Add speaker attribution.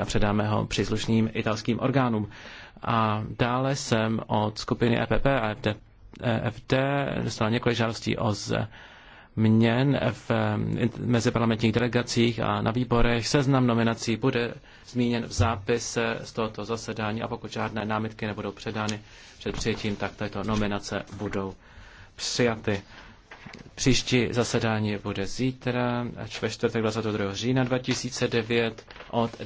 Speaker 1: a předáme ho příslušným italským orgánům. A dále jsem od skupiny EPP a FD, e FD dostal několik žádostí o změn v eh, meziparlamentních delegacích a na výborech. Seznam nominací bude zmíněn v zápise z tohoto zasedání a pokud žádné námitky nebudou předány před přijetím, tak tyto nominace budou přijaty. Příští zasedání bude zítra, ve čtvrtek 22. října 2009 od